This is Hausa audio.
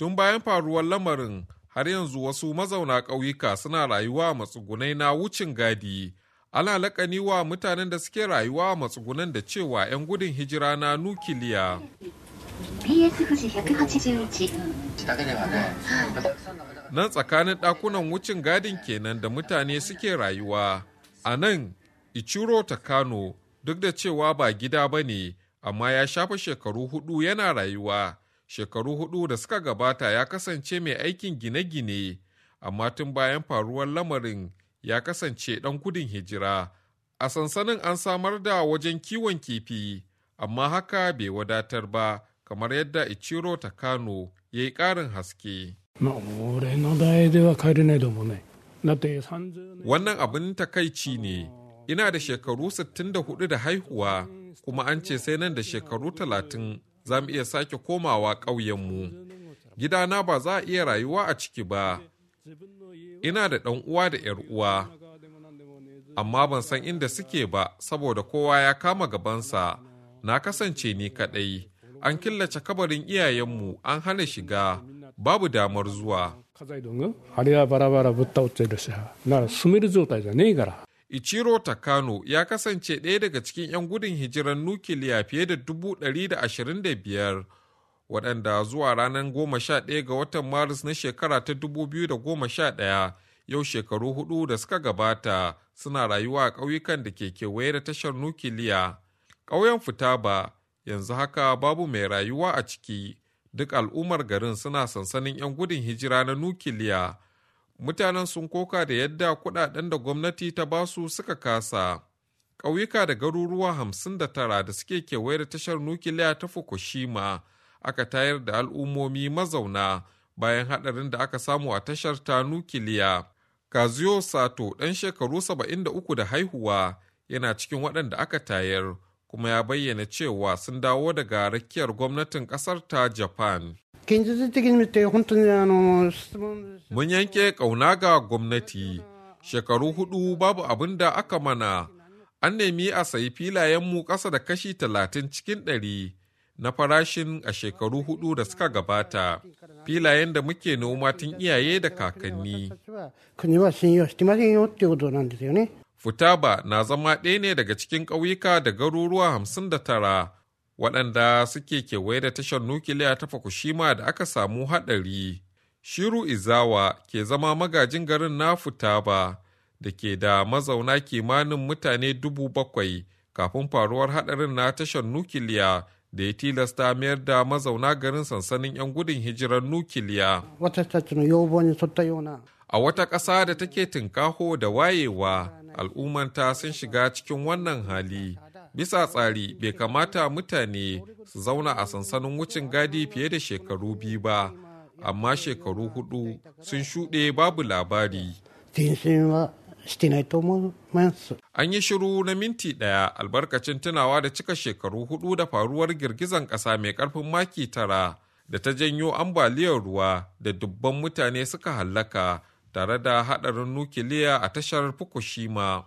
Tun bayan faruwar lamarin har yanzu wasu mazauna ƙauyuka suna rayuwa a matsugunai na wucin gadi. Ana laƙani wa mutanen da suke rayuwa a matsugunan da cewa 'yan gudun hijira na nukiliya. Nan tsakanin ɗakunan wucin gadin kenan da mutane suke rayuwa. A nan, Ichiro Kano, duk da cewa ba gida ba ne, amma ya shafa shekaru hudu yana rayuwa. shekaru hudu da suka gabata ya kasance mai aikin gine-gine amma tun bayan faruwar lamarin ya kasance dan gudun hijira a sansanin an samar da wajen kiwon kifi amma haka bai wadatar ba kamar yadda ichiro kano ya yi karin haske wannan abin takaici ne ina da shekaru 64 da haihuwa kuma an ce sai nan da shekaru talatin za mu iya sake komawa ƙauyenmu gidana ba za a iya rayuwa a ciki ba ina da ɗan uwa da ‘yar uwa amma ban san inda suke ba saboda kowa ya kama gabansa na kasance ni kaɗai an killace kabarin iyayenmu an hana shiga babu damar zuwa Ichiro Takano ya kasance ɗaya daga cikin 'yan gudun hijirar nukiliya fiye da 125 waɗanda zuwa ranar 11 ga watan Maris na shekara ta 2011 yau shekaru hudu da suka gabata suna rayuwa a ƙauyukan da ke kewaye da tashar nukiliya. Ƙauyen Futaba yanzu haka babu mai rayuwa a ciki duk al'ummar garin suna sansanin 'yan gudun hijira na nukiliya. mutanen sun koka da yadda kudaden da gwamnati ta basu suka kasa ƙauyuka da garuruwa hamsin da tara da suke kewaye da tashar nukiliya ta fukushima aka tayar da al'ummomi mazauna bayan haɗarin da aka samu a tashar ta nukiliya kazuyo sato ɗan shekaru 73 da haihuwa yana cikin waɗanda aka tayar kuma ya bayyana cewa sun dawo daga rakiyar gwamnatin ƙasar ta japan Mun yanke ƙauna ga gwamnati shekaru hudu babu abin da aka mana an nemi a sayi filayenmu ƙasa da kashi talatin cikin ɗari na farashin a shekaru hudu da suka gabata filayen da muke noma tun iyaye da kakanni futaba na zama ɗaya ne daga cikin ƙauyuka da garuruwa hamsin da tara waɗanda suke kewaye da tashar nukiliya ta Fukushima da aka samu haɗari. Shiru Izawa ke zama magajin garin na Futaba da ke da mazauna kimanin mutane dubu bakwai kafin faruwar haɗarin na tashar nukiliya da ya tilasta mayar da mazauna garin sansanin 'yan gudun hijirar nukiliya. A wata ƙasa da take tinkaho da wayewa, al'ummata sun shiga cikin wannan hali. Bisa tsari bai kamata mutane su zauna a sansanin wucin gadi fiye da shekaru biyu ba, amma shekaru hudu sun shuɗe babu labari. An yi shiru na minti ɗaya albarkacin tunawa da cika shekaru hudu da faruwar girgizan ƙasa mai ƙarfin maki tara da ta janyo ambaliyar ruwa da dubban mutane suka hallaka tare da haɗarin nukiliya a tashar Fukushima.